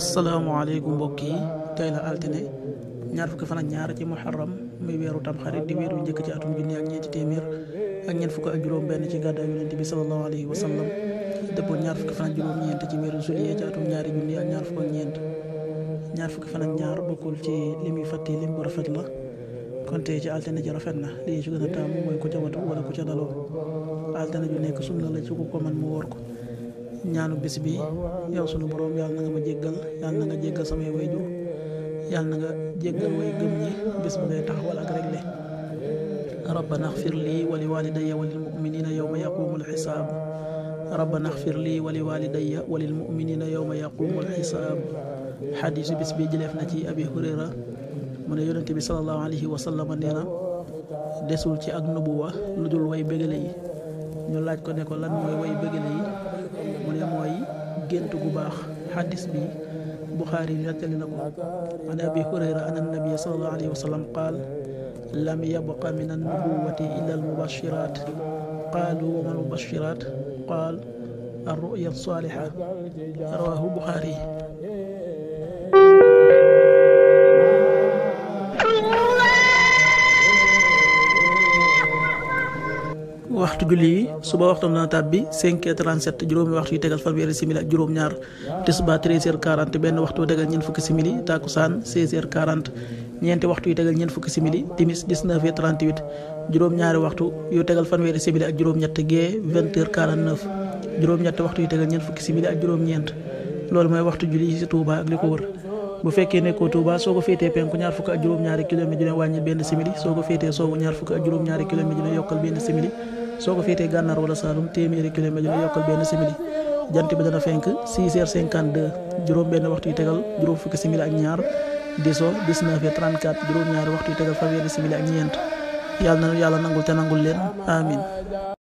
asalaamaaleykum mbokk yi tey la altine ñaar fukki fan ñaar ci muharram muy weeru tamxarit di weeru njëkk ci atum junni ak ñeenti téeméer ak ñeent fukk ak juróom-benn ci gàddaay yonent bi sallallahu alayhi wa sallam dëppoo ñaar fukki fan juróom-ñeent ci weeru juillet ci atum ñaari junni ñaar fukki fan ñaar bokkul ci limuy fàtti lim bu rafet la kon tey ci altine ji rafet na lii ci gën a taamu mooy ku watu wala ku daloo altine ju nekk sunna la ci ku ko man ko. ñaanu bis bi yow sunu borom yàlla na nga ma jéggal yàlla na nga jéggal samay wayjur yàlla na nga jéggal way gëm ñi bis bi ngay taxawal ak réglé rabbana xfir lii wa li walidayya wa lil muminina yowma li walidayya wa lil muminina yowma yaqumu alxisaab xadiisu na ci abi hurayra mu ne yonente bi salallahu alayhi wa lu dul way bëggale laaj ko ne la lan mooy way bëggale mu ne mooy gént gu baax xaddis bi buxaari nettali na ko an abi hurayra an annabia salallahu alayhi wa sallam qaal lam yabqa min annubuwati illa almubashirat qaalu wa ma almubashirat qaal arruya alsaliha rawahu buxaari waxtu julli yi suba waxtu na tab bi 5h37 juróomi waxtu yu tegal fanweeri simili ak juróom ñaari waxtu yu tegal fanweeri simili ak juróom-ñett gee 20h49 juróom-ñett waxtu yu tegal ñeent fukki simili ak juróom-ñeent loolu mooy waxtu julli yi ci Touba ak li ko wër bu fekkee nekkoo Touba soo ko féetee penku ñaar fukk ak juróom-ñaari kilomètre dina wàññi benn simili soo ko féetee soowu ñaar fukk ak juróom-ñaari soo ko fiitee gànnaar wala Saalum téeméeri kilomètre la yokkal benn simili jant bi dana fenk 6 heures 52 juróom benn waxtu yu tegal juróom fukki simili ak ñaar desoo 19 heures 34 juróom ñaari waxtu yu tegal fanweeri simili ak ñeent yàlla na yàlla nangul te nangul leen amin